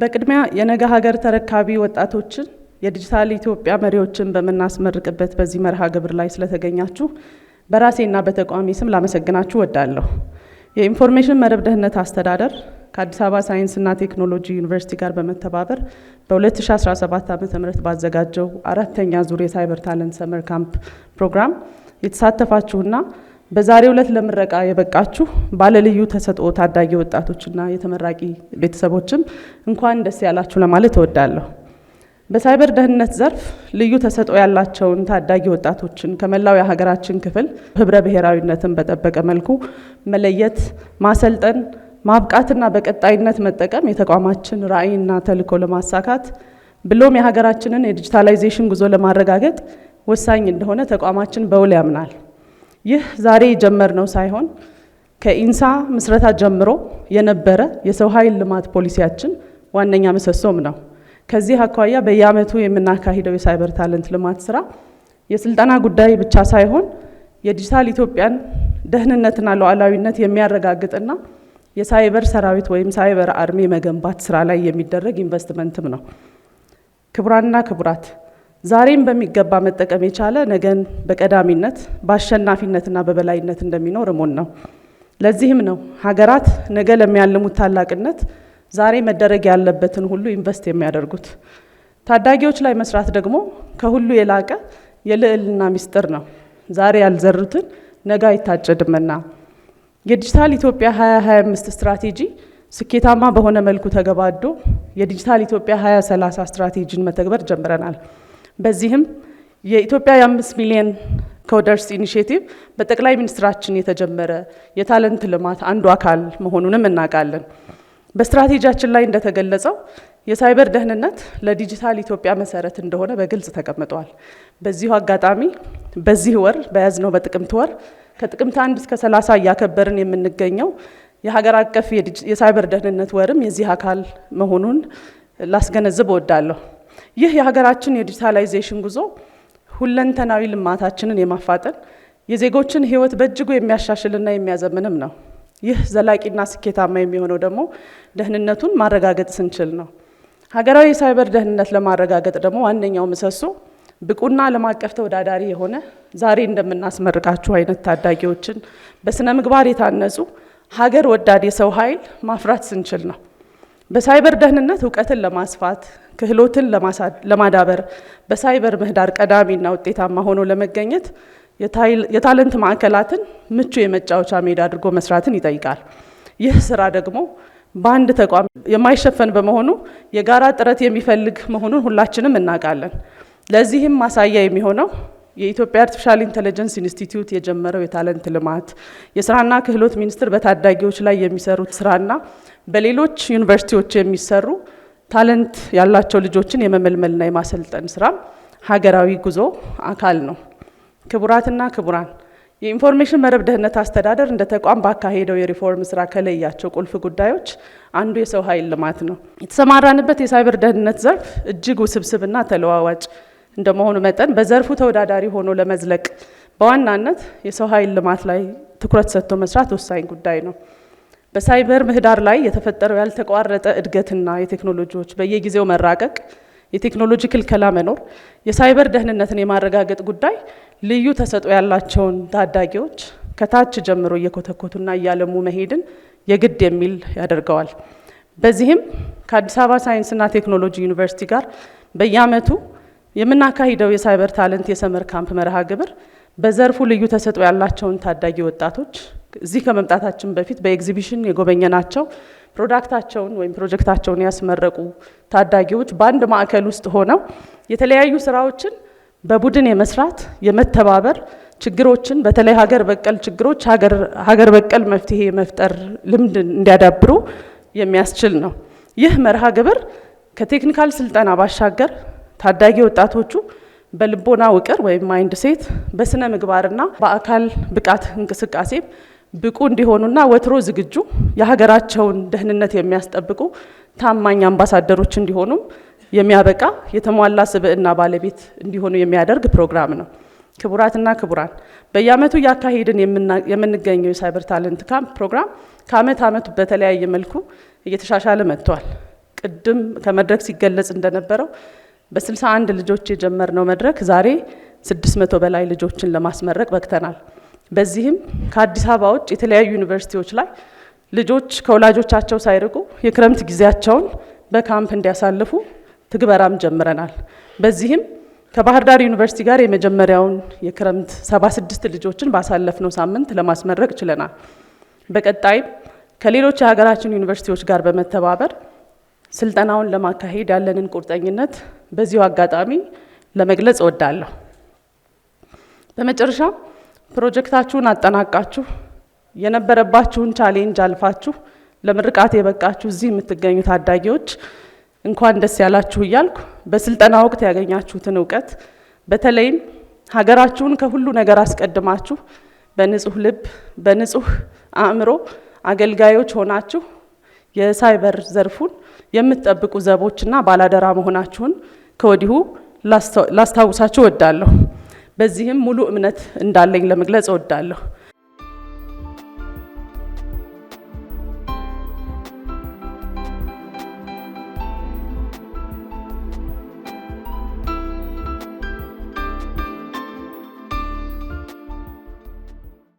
በቅድሚያ የነገ ሀገር ተረካቢ ወጣቶችን የዲጂታል ኢትዮጵያ መሪዎችን በምናስመርቅበት በዚህ መርሃ ግብር ላይ ስለተገኛችሁ በራሴና በተቋሚ ስም ላመሰግናችሁ ወዳለሁ። የኢንፎርሜሽን መረብ ደህንነት አስተዳደር ከአዲስ አበባ ሳይንስና ቴክኖሎጂ ዩኒቨርሲቲ ጋር በመተባበር በ2017 ዓ ም ባዘጋጀው አራተኛ ዙር የሳይበር ታለንት ሰመር ካምፕ ፕሮግራም የተሳተፋችሁና በዛሬው ዕለት ለምረቃ የበቃችሁ ባለልዩ ተሰጥኦ ታዳጊ ወጣቶችና የተመራቂ ቤተሰቦችም እንኳን ደስ ያላችሁ ለማለት እወዳለሁ። በሳይበር ደህንነት ዘርፍ ልዩ ተሰጥኦ ያላቸውን ታዳጊ ወጣቶችን ከመላው የሀገራችን ክፍል ህብረ ብሔራዊነትን በጠበቀ መልኩ መለየት፣ ማሰልጠን፣ ማብቃትና በቀጣይነት መጠቀም የተቋማችን ራዕይና ተልዕኮ ለማሳካት ብሎም የሀገራችንን የዲጂታላይዜሽን ጉዞ ለማረጋገጥ ወሳኝ እንደሆነ ተቋማችን በውል ያምናል። ይህ ዛሬ የጀመርነው ሳይሆን ከኢንሳ ምስረታ ጀምሮ የነበረ የሰው ኃይል ልማት ፖሊሲያችን ዋነኛ ምሰሶም ነው። ከዚህ አኳያ በየዓመቱ የምናካሂደው የሳይበር ታለንት ልማት ስራ የስልጠና ጉዳይ ብቻ ሳይሆን የዲጂታል ኢትዮጵያን ደህንነትና ሉዓላዊነት የሚያረጋግጥና የሳይበር ሰራዊት ወይም ሳይበር አርሚ መገንባት ስራ ላይ የሚደረግ ኢንቨስትመንትም ነው። ክቡራንና ክቡራት ዛሬም በሚገባ መጠቀም የቻለ ነገን በቀዳሚነት በአሸናፊነትና በበላይነት እንደሚኖር እሙን ነው። ለዚህም ነው ሀገራት ነገ ለሚያልሙት ታላቅነት ዛሬ መደረግ ያለበትን ሁሉ ኢንቨስት የሚያደርጉት። ታዳጊዎች ላይ መስራት ደግሞ ከሁሉ የላቀ የልዕልና ሚስጥር ነው። ዛሬ ያልዘሩትን ነገ አይታጨድምና የዲጂታል ኢትዮጵያ 2025 ስትራቴጂ ስኬታማ በሆነ መልኩ ተገባዶ የዲጂታል ኢትዮጵያ 2030 ስትራቴጂን መተግበር ጀምረናል። በዚህም የኢትዮጵያ የአምስት ሚሊዮን ኮደርስ ኢኒሽቲቭ በጠቅላይ ሚኒስትራችን የተጀመረ የታለንት ልማት አንዱ አካል መሆኑንም እናውቃለን። በስትራቴጂያችን ላይ እንደተገለጸው የሳይበር ደህንነት ለዲጂታል ኢትዮጵያ መሰረት እንደሆነ በግልጽ ተቀምጧል። በዚሁ አጋጣሚ በዚህ ወር በያዝነው በጥቅምት ወር ከጥቅምት አንድ እስከ ሰላሳ እያከበርን የምንገኘው የሀገር አቀፍ የሳይበር ደህንነት ወርም የዚህ አካል መሆኑን ላስገነዝብ እወዳለሁ። ይህ የሀገራችን የዲጂታላይዜሽን ጉዞ ሁለንተናዊ ልማታችንን የማፋጠን የዜጎችን ህይወት በእጅጉ የሚያሻሽልና የሚያዘምንም ነው። ይህ ዘላቂና ስኬታማ የሚሆነው ደግሞ ደህንነቱን ማረጋገጥ ስንችል ነው። ሀገራዊ የሳይበር ደህንነት ለማረጋገጥ ደግሞ ዋነኛው ምሰሶ ብቁና ዓለም አቀፍ ተወዳዳሪ የሆነ ዛሬ እንደምናስመርቃችሁ አይነት ታዳጊዎችን በስነ ምግባር የታነጹ ሀገር ወዳድ የሰው ኃይል ማፍራት ስንችል ነው። በሳይበር ደህንነት እውቀትን ለማስፋት ክህሎትን ለማዳበር በሳይበር ምህዳር ቀዳሚና ውጤታማ ሆኖ ለመገኘት የታለንት ማዕከላትን ምቹ የመጫወቻ ሜዳ አድርጎ መስራትን ይጠይቃል። ይህ ስራ ደግሞ በአንድ ተቋም የማይሸፈን በመሆኑ የጋራ ጥረት የሚፈልግ መሆኑን ሁላችንም እናውቃለን። ለዚህም ማሳያ የሚሆነው የኢትዮጵያ አርቲፊሻል ኢንተለጀንስ ኢንስቲትዩት የጀመረው የታለንት ልማት፣ የስራና ክህሎት ሚኒስቴር በታዳጊዎች ላይ የሚሰሩት ስራና በሌሎች ዩኒቨርሲቲዎች የሚሰሩ ታለንት ያላቸው ልጆችን የመመልመልና የማሰልጠን ስራ ሀገራዊ ጉዞ አካል ነው። ክቡራትና ክቡራን፣ የኢንፎርሜሽን መረብ ደህንነት አስተዳደር እንደ ተቋም ባካሄደው የሪፎርም ስራ ከለያቸው ቁልፍ ጉዳዮች አንዱ የሰው ኃይል ልማት ነው። የተሰማራንበት የሳይበር ደህንነት ዘርፍ እጅግ ውስብስብና ተለዋዋጭ እንደመሆኑ መጠን በዘርፉ ተወዳዳሪ ሆኖ ለመዝለቅ በዋናነት የሰው ኃይል ልማት ላይ ትኩረት ሰጥቶ መስራት ወሳኝ ጉዳይ ነው። በሳይበር ምህዳር ላይ የተፈጠረው ያልተቋረጠ እድገትና የቴክኖሎጂዎች በየጊዜው መራቀቅ፣ የቴክኖሎጂ ክልከላ መኖር የሳይበር ደህንነትን የማረጋገጥ ጉዳይ ልዩ ተሰጥኦ ያላቸውን ታዳጊዎች ከታች ጀምሮ እየኮተኮቱና እያለሙ መሄድን የግድ የሚል ያደርገዋል። በዚህም ከአዲስ አበባ ሳይንስና ቴክኖሎጂ ዩኒቨርሲቲ ጋር በየዓመቱ የምናካሂደው የሳይበር ታለንት የሰመር ካምፕ መርሃ ግብር በዘርፉ ልዩ ተሰጥኦ ያላቸውን ታዳጊ ወጣቶች እዚህ ከመምጣታችን በፊት በኤግዚቢሽን የጎበኘናቸው ፕሮዳክታቸውን ወይም ፕሮጀክታቸውን ያስመረቁ ታዳጊዎች በአንድ ማዕከል ውስጥ ሆነው የተለያዩ ስራዎችን በቡድን የመስራት የመተባበር ችግሮችን በተለይ ሀገር በቀል ችግሮች ሀገር በቀል መፍትሄ የመፍጠር ልምድ እንዲያዳብሩ የሚያስችል ነው። ይህ መርሃ ግብር ከቴክኒካል ስልጠና ባሻገር ታዳጊ ወጣቶቹ በልቦና ውቅር ወይም ማይንድ ሴት፣ በስነ ምግባርና በአካል ብቃት እንቅስቃሴ ብቁ እንዲሆኑና ወትሮ ዝግጁ የሀገራቸውን ደህንነት የሚያስጠብቁ ታማኝ አምባሳደሮች እንዲሆኑም የሚያበቃ የተሟላ ስብዕና ባለቤት እንዲሆኑ የሚያደርግ ፕሮግራም ነው። ክቡራትና ክቡራን በየዓመቱ እያካሄድን የምንገኘው የሳይበር ታለንት ካምፕ ፕሮግራም ከዓመት ዓመቱ በተለያየ መልኩ እየተሻሻለ መጥቷል። ቅድም ከመድረክ ሲገለጽ እንደነበረው በ61 ልጆች የጀመርነው መድረክ ዛሬ 600 በላይ ልጆችን ለማስመረቅ በቅተናል። በዚህም ከአዲስ አበባ ውጭ የተለያዩ ዩኒቨርሲቲዎች ላይ ልጆች ከወላጆቻቸው ሳይርቁ የክረምት ጊዜያቸውን በካምፕ እንዲያሳልፉ ትግበራም ጀምረናል። በዚህም ከባህር ዳር ዩኒቨርሲቲ ጋር የመጀመሪያውን የክረምት 76 ልጆችን ባሳለፍነው ሳምንት ለማስመረቅ ችለናል። በቀጣይም ከሌሎች የሀገራችን ዩኒቨርሲቲዎች ጋር በመተባበር ስልጠናውን ለማካሄድ ያለንን ቁርጠኝነት በዚሁ አጋጣሚ ለመግለጽ እወዳለሁ። በመጨረሻ ፕሮጀክታችሁን አጠናቃችሁ የነበረባችሁን ቻሌንጅ አልፋችሁ ለምርቃት የበቃችሁ እዚህ የምትገኙ ታዳጊዎች እንኳን ደስ ያላችሁ እያልኩ በስልጠና ወቅት ያገኛችሁትን እውቀት በተለይም ሀገራችሁን ከሁሉ ነገር አስቀድማችሁ በንጹህ ልብ በንጹህ አእምሮ አገልጋዮች ሆናችሁ የሳይበር ዘርፉን የምትጠብቁ ዘቦችና ባላደራ መሆናችሁን ከወዲሁ ላስታውሳችሁ እወዳለሁ። በዚህም ሙሉ እምነት እንዳለኝ ለመግለጽ እወዳለሁ።